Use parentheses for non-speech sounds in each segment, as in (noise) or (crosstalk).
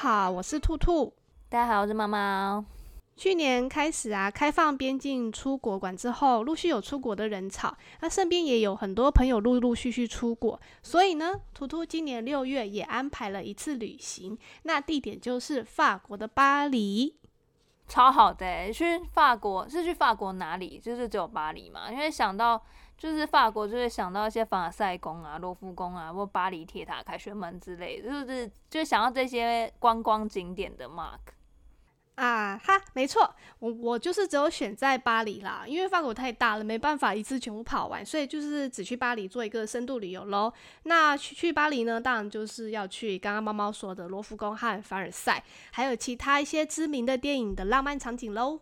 好，我是兔兔。大家好，我是貓貓。去年開始啊，開放邊境出國館之後，陸續有出國的人潮，那身邊也有很多朋友陸陸續續續出國。所以呢，兔兔今年六月也安排了一次旅行，那地點就是法國的巴黎，超好的欸。去法國是去法國哪裡？就是只有巴黎嘛？因為想到。就是法國就會想到一些凡爾賽宮啊、羅浮宮啊，或巴黎鐵塔、凱旋門之類，就是就想到這些觀光景點的 mark 啊哈，uh-huh, 沒錯，我我就是只有選在巴黎啦，因為法國太大了，沒辦法一次全部跑完，所以就是只去巴黎做一個深度旅遊咯。那去去巴黎呢，當然就是要去剛剛貓貓說的羅浮宮和凡爾賽，還有其他一些知名的電影的浪漫場景嘍。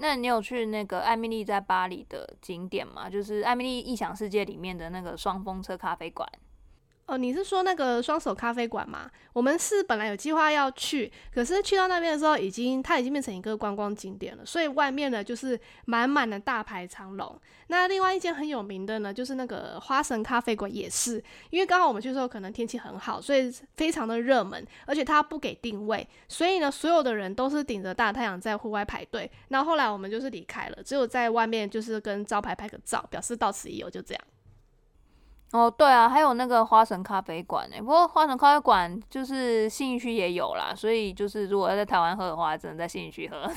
那你有去那個艾蜜莉在巴黎的景點嗎？就是艾蜜莉異想世界裡面的那個雙風車咖啡館。哦，你是說那個雙手咖啡館嗎？我們是本來有計劃要去，可是去到那邊的時候，已經它已經變成一個觀光景點了，所以外面呢，就是滿滿的大排長龍。那另外一間很有名的呢，就是那個花神咖啡館，也是因為剛好我們去的時候可能天氣很好，所以非常的熱門，而且它不給定位，所以呢，所有的人都是頂着大太陽在戶外排隊。那後來我們就是離開了，只有在外面就是跟招牌拍個照，表示到此一遊，就這樣。哦，對啊，還有那個花神咖啡館誒。不過花神咖啡館就是信義區也有啦，所以就是如果要在台灣喝的話，只能在信義區喝。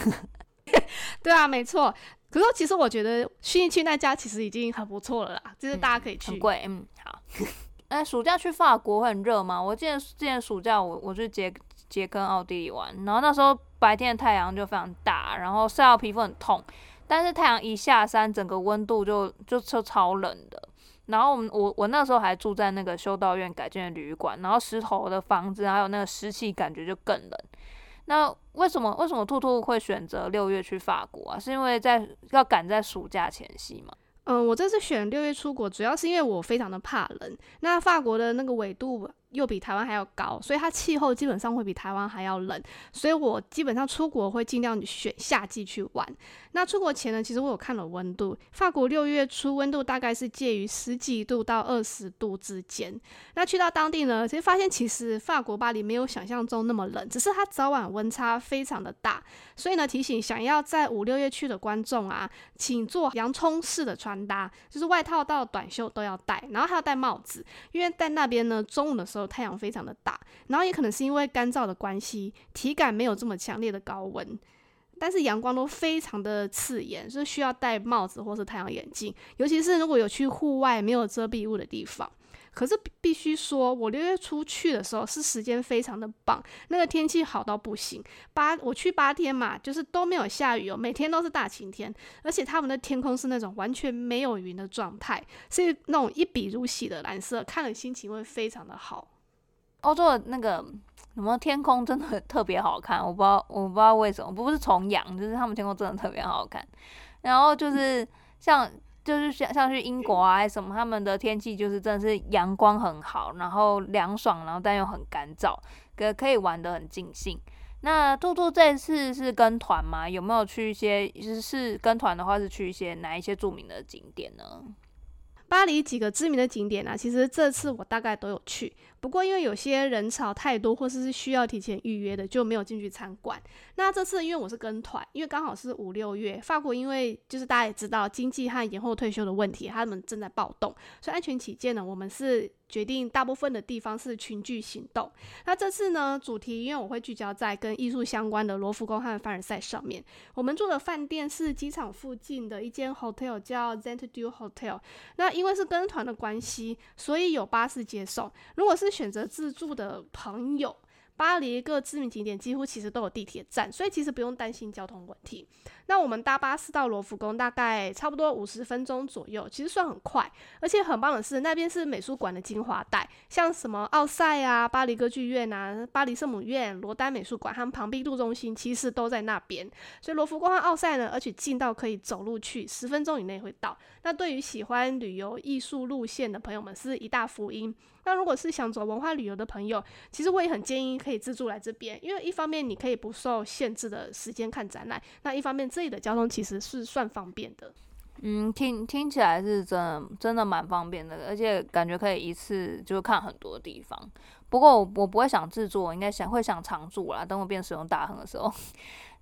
(laughs) (laughs) 對啊，沒錯。可是其實我覺得信義區那家其實已經很不錯了啦，就是大家可以去、嗯。很貴，嗯，好。 (laughs) 哎，暑假去法國會很熱嗎？我之前之前暑假我我去捷、捷克跟奧地利玩，然後那時候白天的太陽就非常大，然後曬到皮膚很痛。但是太陽一下山，整個溫度就就超超冷的。然後我我那時候還住在那個修道院改建的旅館，然後石頭的房子還有那個濕氣，感覺就更冷。那為什麼為什麼兔兔會選擇六月去法國啊？是因為在要趕在暑假前夕嗎？嗯，我這次選六月出國，主要是因為我非常的怕冷。那法國的那個緯度，又比台灣還要高，所以它氣候基本上會比台灣還要冷，所以我基本上出國會盡量選夏季去玩。那出國前呢，其實我有看了溫度，法國六月初溫度大概是介於十幾度到二十度之間。那去到當地呢，其實發現其實法國巴黎沒有想象中那麼冷，只是它早晚溫差非常的大。所以呢，提醒想要在五六月去的觀眾啊，請做洋蔥式的穿搭，就是外套到短袖都要戴，然後還要戴帽子，因為在那邊呢，中午的時候。太陽非常的大，然後也可能是因為乾燥的關係，體感沒有這麼強烈的高溫，但是陽光都非常的刺眼，所以需要戴帽子或是太陽眼鏡，尤其是如果有去戶外沒有遮蔽物的地方。可是必須說，我六月初去的時候是時間非常的棒，那個天氣好到不行。八我去八天嘛，就是都沒有下雨哦，每天都是大晴天，而且他們的天空是那種完全沒有雲的狀態，是那種一碧如洗的藍色，看了心情會非常的好。歐洲的那個什麼天空真的特別好看，我不知道，我不知道為什麼，不是崇洋，就是他們天空真的特別好看。然後就是、嗯、像。就是像像去英國啊，什麼，他們的天氣就是真的是陽光很好，然後涼爽，然後但又很乾燥，可可以玩得很盡興。那兔兔這次是跟團嗎？有沒有去一些？是跟團的話，是去一些哪一些著名的景點呢？巴黎幾個知名的景點啊，其實這次我大概都有去。不過因為有些人潮太多，或是需要提前預約的，就沒有進去參觀。那這次因為我是跟團，因為剛好是五六月，法國因為就是大家也知道經濟和延後退休的問題，他們正在暴動，所以安全起見呢，我們是決定大部分的地方是群聚行動。那這次呢，主題因為我會聚焦在跟藝術相關的羅浮宮和凡爾賽上面。我們住的飯店是機場附近的一間 hotel 叫 Zentdu Hotel。那因為是跟團的關係，所以有巴士接送。如果是選擇自助的朋友，巴黎各知名景點幾乎其實都有地鐵站，所以其實不用擔心交通問題。那我們搭巴士到羅浮宮，大概差不多五十分鐘左右，其實算很快。而且很棒的是，那邊是美術館的精華帶，像什麼奧賽啊、巴黎歌劇院啊、巴黎聖母院、羅丹美術館，他們龐畢度中心其實都在那邊。所以羅浮宮和奧賽呢，而且近到可以走路去，十分鐘以內會到。那對於喜歡旅遊藝術路線的朋友們，是一大福音。那如果是想走文化旅遊的朋友，其實我也很建議可以自助來這邊，因為一方面你可以不受限制的時間看展覽，那一方面自這裡的交通其實是算方便的，嗯，聽聽起來是真的，真的蠻方便的，而且感覺可以一次就看很多地方。不過我我不會想製作，應該想會想常住啦。等我變使用大亨的時候，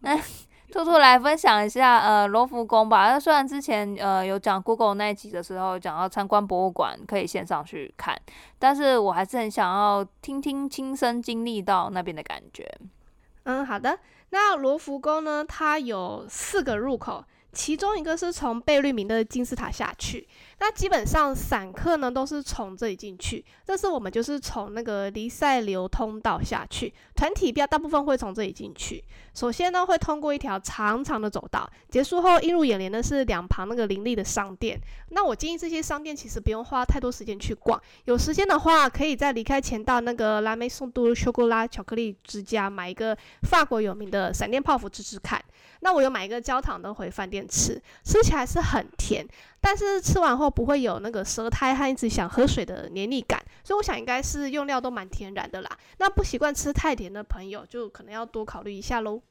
那兔兔來分享一下呃羅浮宮吧。那雖然之前呃有講 Google 那一集的時候講到參觀博物館可以線上去看，但是我還是很想要聽聽親身經歷到那邊的感覺。嗯，好的。那羅浮宮呢？它有四個入口。其中一個是從貝聿銘的金字塔下去，那基本上散客呢都是從這裡進去。這次我們就是從那個黎塞留通道下去，團體票大部分會從這裡進去。首先呢會通過一條長長的走道，結束後映入眼簾的是兩旁那個林立的商店。那我建議這些商店其實不用花太多時間去逛，有時間的話可以在離開前到那個 La Maison du Chocolat 巧克力之家買一個法國有名的閃電泡芙吃吃看。那我有買一個焦糖的回飯店。吃吃起來是很甜，但是吃完後不會有那個舌苔、和一直想喝水的黏膩感，所以我想應該是用料都蠻天然的啦。那不習慣吃太甜的朋友，就可能要多考慮一下嘍。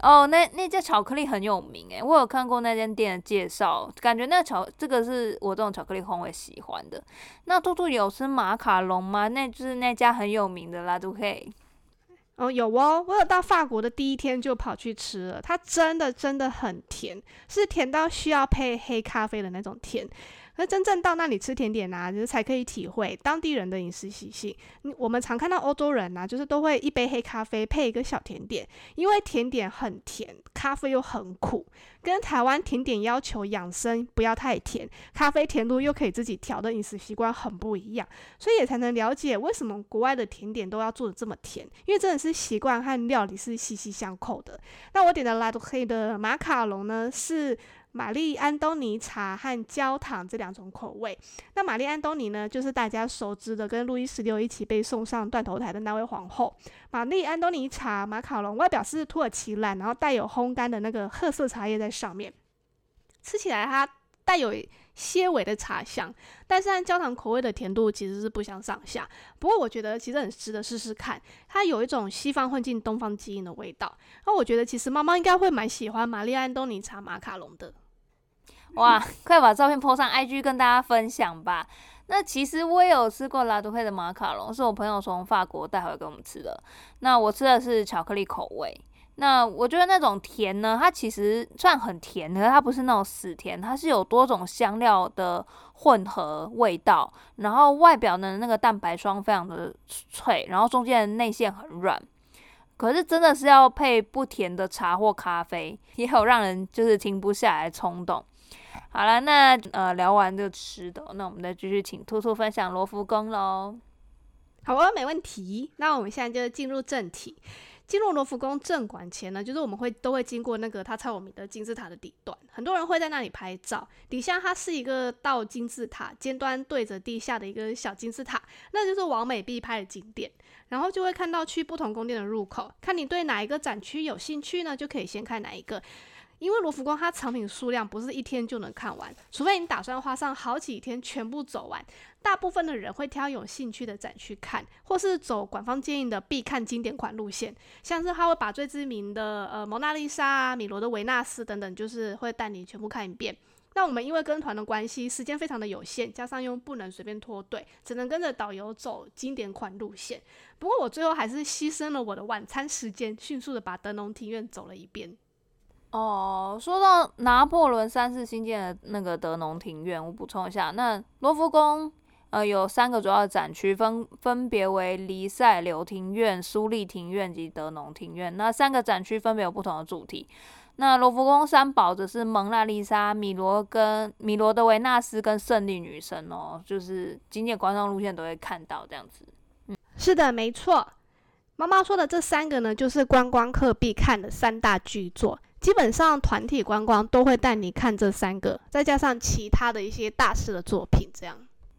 哦，那那家巧克力很有名誒、欸，我有看過那家店的介紹，感覺那巧，這個是我這種巧克力控會喜歡的。那兔兔有吃馬卡龍嗎？那就是那家很有名的啦，都可以。哦，有哦，我有到法國的第一天就跑去吃了，它，真的真的很甜，是甜到需要配黑咖啡的那種甜。那真正到那裡吃甜點吶、啊，就是才可以體會當地人的飲食習性。我們常看到歐洲人啊，就是都會一杯黑咖啡配一個小甜點，因為甜點很甜，咖啡又很苦，跟台灣甜點要求養生不要太甜，咖啡甜度又可以自己調的飲食習慣很不一樣，所以也才能了解為什麼國外的甜點都要做得這麼甜。因為真的是習慣和料理是息息相扣的。那我點的拉多黑的馬卡龍呢是。瑪麗安東尼茶和焦糖這兩種口味。那瑪麗安東尼呢，就是大家熟知的跟路易十六一起被送上斷頭台的那位皇後。瑪麗安東尼茶馬卡龍外表是土耳其藍，然後帶有烘乾的那個褐色茶葉在上面，吃起來它帶有一些微的茶香，但是按焦糖口味的甜度其實是不相上下。不過我覺得其實很值得試試看，它有一種西方混進東方基因的味道。那我覺得其實貓貓應該會蠻喜歡瑪麗安東尼茶馬卡龍的。哇，快把照片 po 上 IG 跟大家分享吧！那其實我也有吃過拉多佩的馬卡龍，是我朋友從法國帶回來給我們吃的。那我吃的是巧克力口味，那我覺得那種甜呢，它其實算很甜的，它不是那種死甜，它是有多種香料的混合味道。然後外表呢，那個蛋白霜非常的脆，然後中間的內餡很軟。可是真的是要配不甜的茶或咖啡，也有讓人就是停不下來衝動。好了，那呃聊完這吃的，那我們再繼續請兔兔分享羅浮宮嘍。好啊，沒問題。那我們現在就進入正題，進入羅浮宮正館前呢，就是我們會都會經過那個它超有名的金字塔的底端，很多人會在那裡拍照。底下它是一個倒金字塔，尖端對着地下的一個小金字塔，那就是網美必拍的景點。然後就會看到去不同宮殿的入口，看你對哪一個展區有興趣呢，就可以先看哪一個。因為羅浮宮它藏品數量不是一天就能看完，除非你打算花上好幾天全部走完。大部分的人會挑有興趣的展區看，或是走官方建議的必看經典款路線，像是他會把最知名的呃《蒙娜麗莎》、米羅的《維納斯》等等，就是會帶你全部看一遍。那我們因為跟團的關係，時間非常的有限，加上又不能隨便脫隊，只能跟着導遊走經典款路線。不過我最後還是犧牲了我的晚餐時間，迅速的把德農庭院走了一遍。哦，說到拿破崙三世新建的那個德農庭院，我補充一下，那羅浮宮呃有三個主要的展區，分分別為黎塞留庭院、蘇利庭院及德農庭院。那三個展區分別有不同的主題。那羅浮宮三寶則是《蒙娜麗莎》、米羅跟米羅的維納斯跟勝利女神哦，就是景點觀眾路線都會看到這樣子。嗯，是的，沒錯，媽媽說的這三個呢，就是觀光客必看的三大巨作。基本上團體觀光都會帶你看這三個，再加上其他的一些大師的作品，這樣。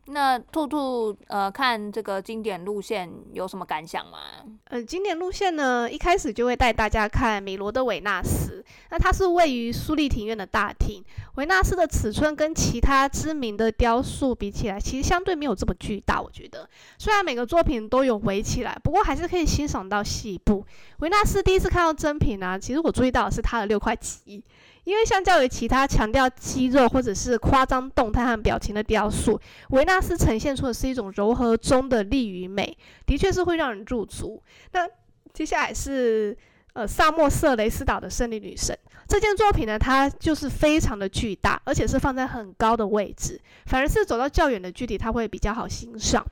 那兔兔，呃，看這個經典路線有什麼感想嗎？呃，經典路線呢，一開始就會帶大家看米羅的維納斯，那它是位於蘇利庭院的大廳。維納斯的尺寸跟其他知名的雕塑比起來，其實相對沒有這麼巨大。我覺得，雖然每個作品都有圍起來，不過還是可以欣賞到細部。維納斯第一次看到真品呢、啊，其實我注意到的是它的六塊肌。因為相較於其他強調肌肉或者是誇張動態和表情的雕塑，維納斯呈現出的是一種柔和中的力與美，的確是會讓人駐足。那接下來是呃薩莫色雷斯島的勝利女神，這件作品呢，它就是非常的巨大，而且是放在很高的位置，反而是走到較遠的距離，它會比較好欣賞。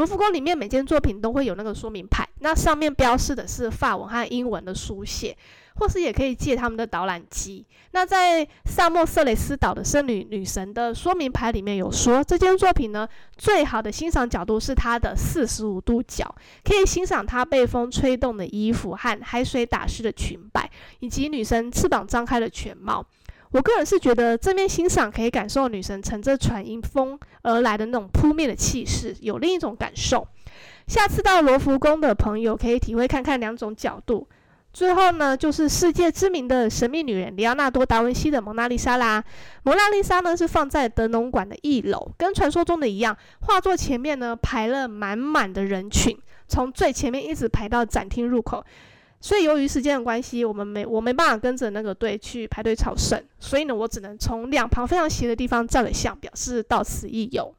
盧浮宮裡面每件作品都會有那個說明牌，那上面標示的是法文和英文的書寫，或是也可以借他們的導覽機。那在薩莫色雷斯島的勝利女神的說明牌裡面有說，這件作品呢，最好的欣賞角度是它的四十五度角，可以欣賞她被風吹動的衣服和海水打濕的裙擺，以及女神翅膀張開的全貌。我個人是覺得正面欣賞可以感受女神乘着船迎風而來的那種撲面的氣勢，有另一種感受。下次到羅浮宮的朋友可以體會看看兩種角度。最後呢，就是世界知名的神秘女人——李奧納多·達文西的《蒙娜麗莎》啦。《蒙娜麗莎》呢是放在德農館的一樓，跟傳說中的一樣，畫作前面呢排了滿滿的人群，從最前面一直排到展廳入口。所以，由於時間的關係，我們沒我沒辦法跟着那個隊去排隊朝聖，所以呢，我只能從兩旁非常斜的地方照了相，表示到此一遊。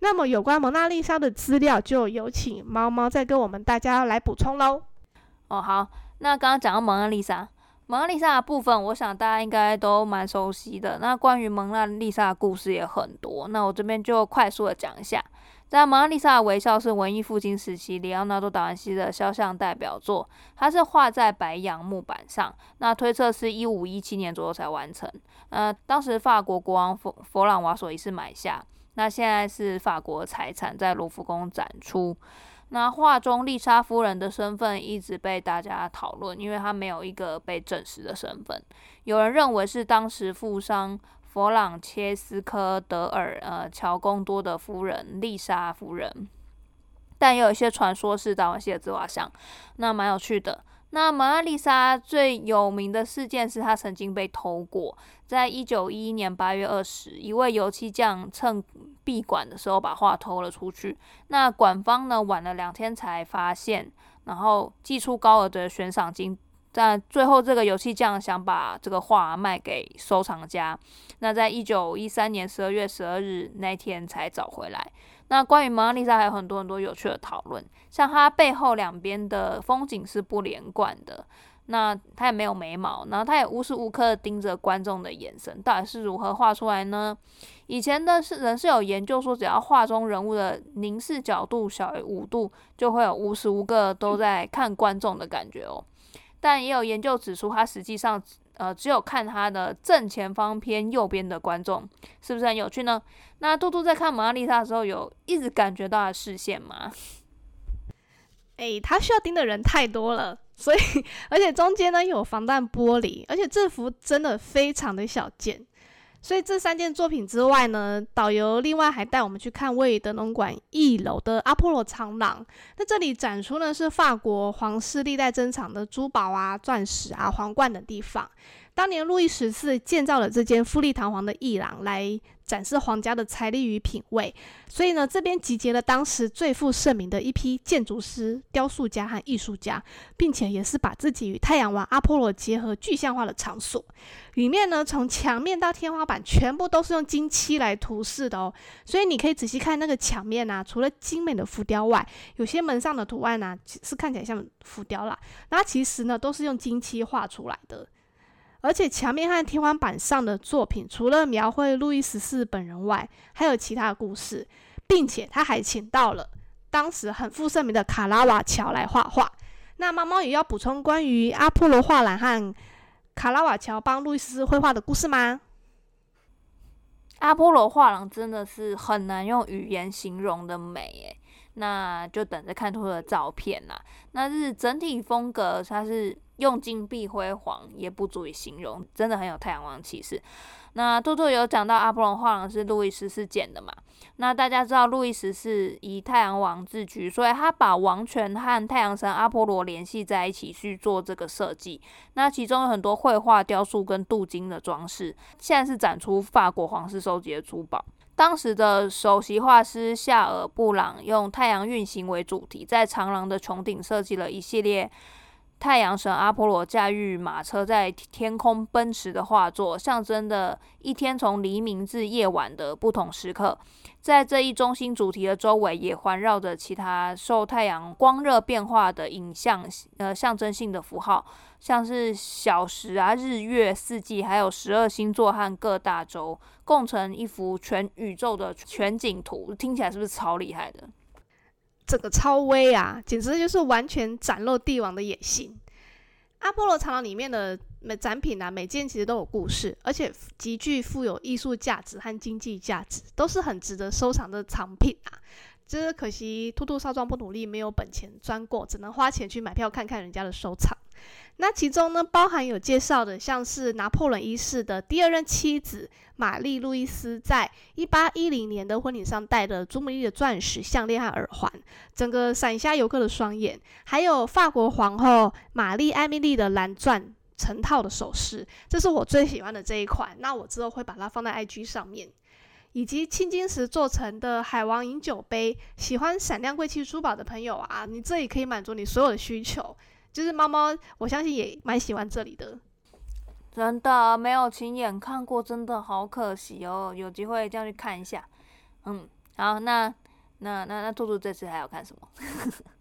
那麼，有關蒙娜麗莎的資料，就有請貓貓再跟我們大家來補充嘍。哦，好，那剛剛講到蒙娜麗莎，蒙娜麗莎的部分，我想大家應該都蠻熟悉的。那關於蒙娜麗莎的故事也很多，那我這邊就快速的講一下。在《蒙娜麗莎的微笑》是文藝復興時期，里奧納多·達文西的肖像代表作。它是畫在白楊木板上，那推測是一五一七年左右才完成。呃，當時法國國王弗弗朗瓦索一世買下，那現在是法國財產，在盧浮宮展出。那畫中麗莎夫人的身份一直被大家討論，因為她沒有一個被證實的身份。有人認為是當時富商。弗朗切斯科·德爾·呃喬貢多的夫人麗莎夫人，但也有一些傳說是達文西的自畫像，那蠻有趣的。那蒙娜麗莎最有名的事件是她曾經被偷過，在一九一一年八月二十，一位油漆匠趁閉館的時候把畫偷了出去，那館方呢晚了兩天才發現，然後寄出高額的懸賞金。但最後，這個油漆匠想把這個畫、啊、賣給收藏家。那在一九一三年十二月十二日那天才找回來。那關於蒙娜麗莎還有很多很多有趣的討論，像她背後兩邊的風景是不連貫的，那她也沒有眉毛，然後她也無時無刻盯着觀眾的眼神，到底是如何畫出來呢？以前的是人是有研究說，只要畫中人物的凝視角度小於五度，就會有無時無刻都在看觀眾的感覺哦、喔。但也有研究指出，它實際上，呃，只有看它的正前方偏右邊的觀眾，是不是很有趣呢？那杜杜在看蒙娜麗莎的時候，有一直感覺到他視線嗎？誒、欸，他需要盯的人太多了，所以而且中間呢，有防彈玻璃，而且這幅真的非常的小件。所以這三件作品之外呢，導遊另外還帶我們去看位於德農館一樓的阿波羅長廊。那這裡展出呢，是法國皇室歷代珍藏的珠寶啊、鑽石啊、皇冠的地方。當年路易十四建造了這間富麗堂皇的藝廊，來展示皇家的財力與品味。所以呢，這邊集結了當時最負盛名的一批建築師、雕塑家和藝術家，並且也是把自己與太陽王阿波羅結合具象化的場所。裡面呢，從牆面到天花板，全部都是用金漆來塗飾的哦。所以你可以仔細看那個牆面吶、啊，除了精美的浮雕外，有些門上的圖案呢、啊，是看起來像浮雕啦，那其實呢，都是用金漆畫出來的。而且牆面和天花板上的作品，除了描繪路易十四本人外，還有其他故事，並且他還請到了當時很負盛名的卡拉瓦喬來畫畫。那貓貓也要補充關於阿波羅畫廊和卡拉瓦喬幫路易十四繪畫的故事嗎？阿波羅畫廊真的是很難用語言形容的美、欸、那就等着看他的照片啦。那是整體風格，它是。用金碧輝煌也不足以形容，真的很有太陽王氣勢。那兔兔有講到阿波羅畫廊是路易十四建的嘛？那大家知道路易十四以太陽王自居，所以他把王權和太陽神阿波羅聯繫在一起去做這個設計。那其中有很多繪畫、雕塑跟鍍金的裝飾，現在是展出法國皇室收集的珠寶。當時的首席畫師夏爾·布朗用太陽運行為主題，在長廊的穹頂設計了一系列。太陽神阿波羅駕馭馬車在天空奔馳的畫作，象徵著一天從黎明至夜晚的不同時刻。在這一中心主題的周圍，也環繞着其他受太陽光熱變化的影像，呃，象徵性的符號，像是小時啊、日月、四季，還有十二星座和各大洲，共成一幅全宇宙的全景圖。聽起來是不是超厲害的？這個超威啊，簡直就是完全展露帝王的野心。阿波羅長廊裡面的每展品啊，每件其實都有故事，而且極具富有藝術價值和經濟價值，都是很值得收藏的藏品啊。只、就是可惜，兔兔少壯不努力，沒有本錢賺過，只能花錢去買票看看人家的收藏。那其中呢，包含有介紹的，像是拿破崙一世的第二任妻子瑪麗路易斯，在一八一零年的婚禮上戴的祖母綠的鑽石項鏈和耳環，整個閃瞎遊客的雙眼；還有法國皇后瑪麗艾米麗的藍鑽成套的首飾，這是我最喜歡的這一款。那我之後會把它放在 IG 上面，以及青金石做成的海王飲酒杯。喜歡閃亮貴氣珠寶的朋友啊，你這裡可以滿足你所有的需求。就是貓貓，我相信也蠻喜歡這裡的，真的、啊、沒有親眼看過，真的好可惜哦，有機會一定要去看一下。嗯，好，那那那那,那兔兔這次還要看什麼？ (laughs)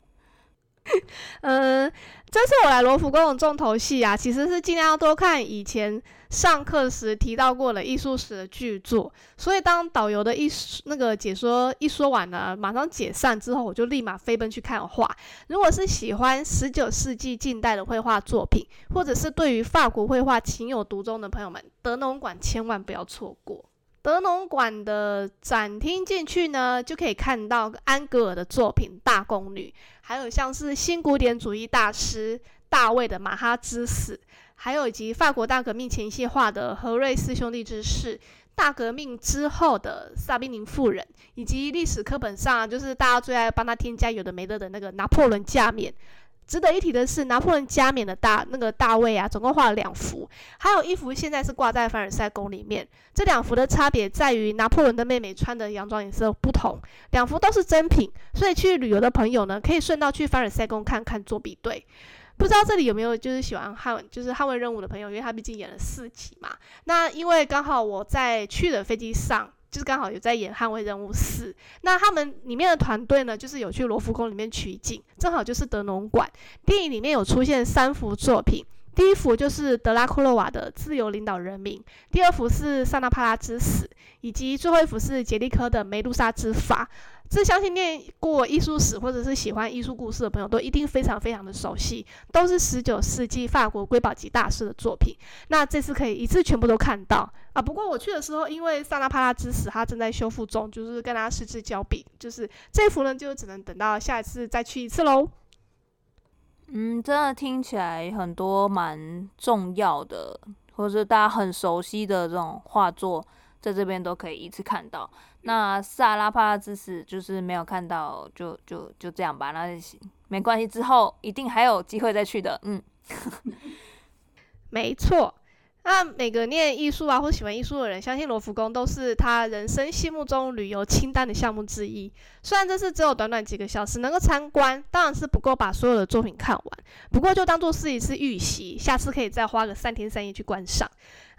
(laughs) 嗯，這次我來羅浮宮的重頭戲啊，其實是盡量要多看以前上課時提到過的藝術史的巨作。所以當導遊的一那個解說一說完呢，馬上解散之後，我就立馬飛奔去看畫。如果是喜歡十九世紀近代的繪畫作品，或者是對於法國繪畫情有獨鍾的朋友們，德農館千萬不要錯過。德隆館的展廳進去呢，就可以看到安格爾的作品《大宮女》，還有像是新古典主義大師大衛的《馬哈之死》，還有以及法國大革命前夕畫的《荷瑞斯兄弟之誓》，大革命之後的《薩比尼夫人》，以及歷史課本上就是大家最愛幫他添加有的沒的的那個《拿破崙加冕》。值得一提的是，拿破崙加冕的大那個大衛啊，總共畫了兩幅，還有一幅現在是掛在凡爾賽宮裡面。這兩幅的差別在於拿破崙的妹妹穿的洋裝顏色不同。兩幅都是真品，所以去旅遊的朋友呢，可以順道去凡爾賽宮看看做比對。不知道這裡有沒有就是喜歡捍就是捍衛任務的朋友？因為他畢竟演了四集嘛。那因為剛好我在去的飛機上。就是剛好有在演《捍衛任務四》，那他們裡面的團隊呢，就是有去羅浮宮裡面取景，正好就是德農館，電影裡面有出現三幅作品。第一幅就是德拉庫洛瓦的《自由領導人民》，第二幅是薩拉帕拉之死，以及最後一幅是傑利科的《梅露莎之法》。這相信念過藝術史或者是喜歡藝術故事的朋友，都一定非常非常的熟悉，都是十九世紀法國瑰寶級大師的作品。那這次可以一次全部都看到啊！不過我去的時候，因為薩拉帕拉之死他正在修復中，就是跟他失之交臂，就是這幅呢就只能等到下一次再去一次嘍。嗯，真的聽起來很多蠻重要的，或者是大家很熟悉的這種畫作，在這邊都可以一次看到。那薩拉帕的茲斯就是沒有看到，就就就這樣吧，那是沒關係，之後一定還有機會再去的。嗯， (laughs) 沒錯。那、啊、每個念藝術啊，或喜歡藝術的人，相信羅浮宮都是他人生心目中旅遊清單的項目之一。雖然這次只有短短幾個小時能夠參觀，當然是不夠把所有的作品看完。不過就當做是一次預習，下次可以再花個三天三夜去觀賞。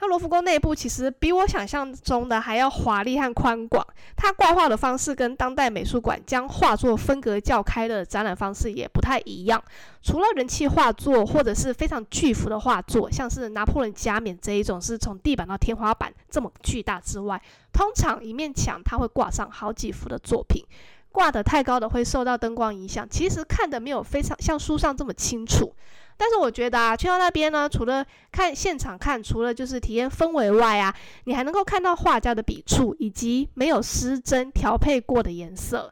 那羅浮宮內部其實比我想象中的還要華麗和寬廣。它掛畫的方式跟當代美術館將畫作分隔較開的展覽方式也不太一樣。除了人氣畫作或者是非常巨幅的畫作，像是拿破崙加冕這一種是從地板到天花板這麼巨大之外，通常一面牆它會掛上好幾幅的作品。掛得太高的會受到燈光影響，其實看得沒有非常像書上這麼清楚。但是我覺得啊，去到那邊呢，除了看現場看，除了就是體驗氛圍外啊，你還能夠看到畫家的筆觸以及沒有失真調配過的顏色。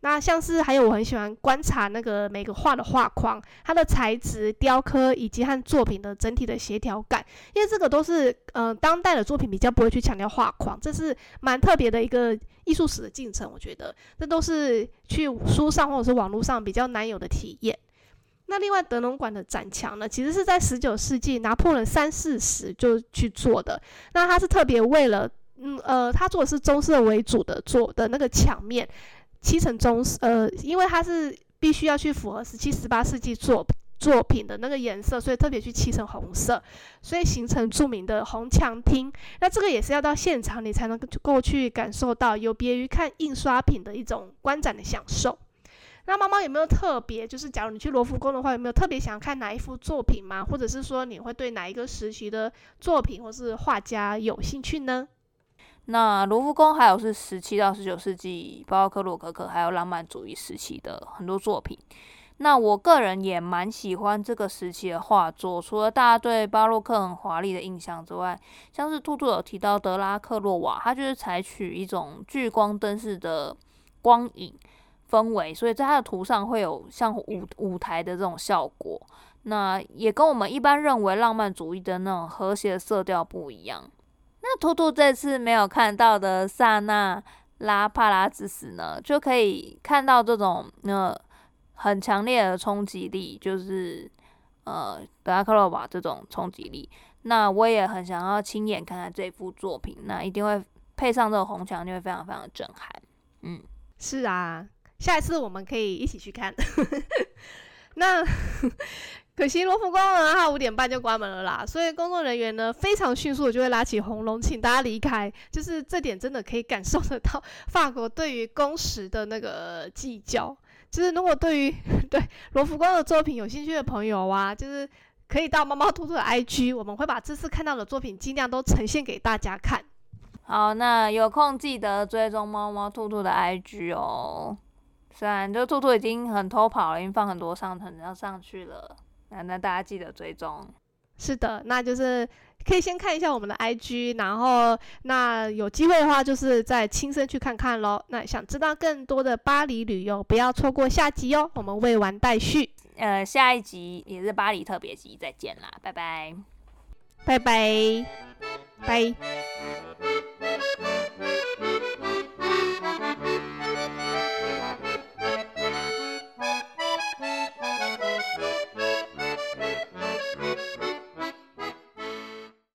那像是還有我很喜歡觀察那個每個畫的畫框，它的材質、雕刻以及和作品的整體的協調感，因為這個都是嗯、呃、當代的作品比較不會去強調畫框，這是蠻特別的一個藝術史的進程。我覺得這都是去書上或者是網絡上比較難有的體驗。那另外德龍館的展牆呢，其實是在十九世紀拿破崙三四十就去做的。那它是特別為了，嗯呃，它做的是棕色為主的做的那個牆面，漆成棕色。呃，因為它是必須要去符合十七十八世紀作作品的那個顏色，所以特別去漆成紅色，所以形成著名的紅牆廳。那這個也是要到現場你才能夠去感受到，有別於看印刷品的一種觀展的享受。那貓貓有沒有特別？就是假如你去羅浮宮的話，有沒有特別想看哪一幅作品嗎？或者是說你會對哪一個時期的作品或是畫家有興趣呢？那羅浮宮還有是十七到十九世紀巴洛克、洛可可還有浪漫主義時期的很多作品。那我個人也蠻喜歡這個時期的畫作，除了大家對巴洛克很華麗的印象之外，像是兔兔有提到德拉克洛瓦，他就是採取一種聚光燈式的光影氛圍，所以在它的圖上會有像舞舞台的這種效果，那也跟我們一般認為浪漫主義的那種和諧的色調不一樣。那兔兔這次沒有看到的《薩那拉帕拉之死》呢，就可以看到這種呃很強烈的衝擊力，就是呃德拉克洛瓦這種衝擊力。那我也很想要親眼看看這幅作品，那一定會配上這個紅牆，就會非常非常的震撼。嗯，是啊。下一次我們可以一起去看 (laughs) 。 (laughs) 那可惜羅浮宮啊，它五點半就關門了啦，所以工作人員呢，非常迅速就會拉起紅龍，請大家離開。就是這點真的可以感受得到法國對於工時的那個計較。就是如果對於對羅浮宮的作品有興趣的朋友啊，就是可以到貓貓兔兔的 IG，我們會把這次看到的作品儘量都呈現給大家看。好，那有空記得追蹤貓貓兔兔的 IG 哦。雖然就兔兔已經很偷跑了，已經放很多上層要上去了，那那大家記得追蹤。是的，那就是可以先看一下我們的 IG，然後那有機會的話就是再親身去看看嘍。那想知道更多的巴黎旅遊，不要錯過下集哦，我們未完待續。呃，下一集也是巴黎特別集，再見啦，拜拜，拜拜，拜，拜。拜拜拜拜拜拜。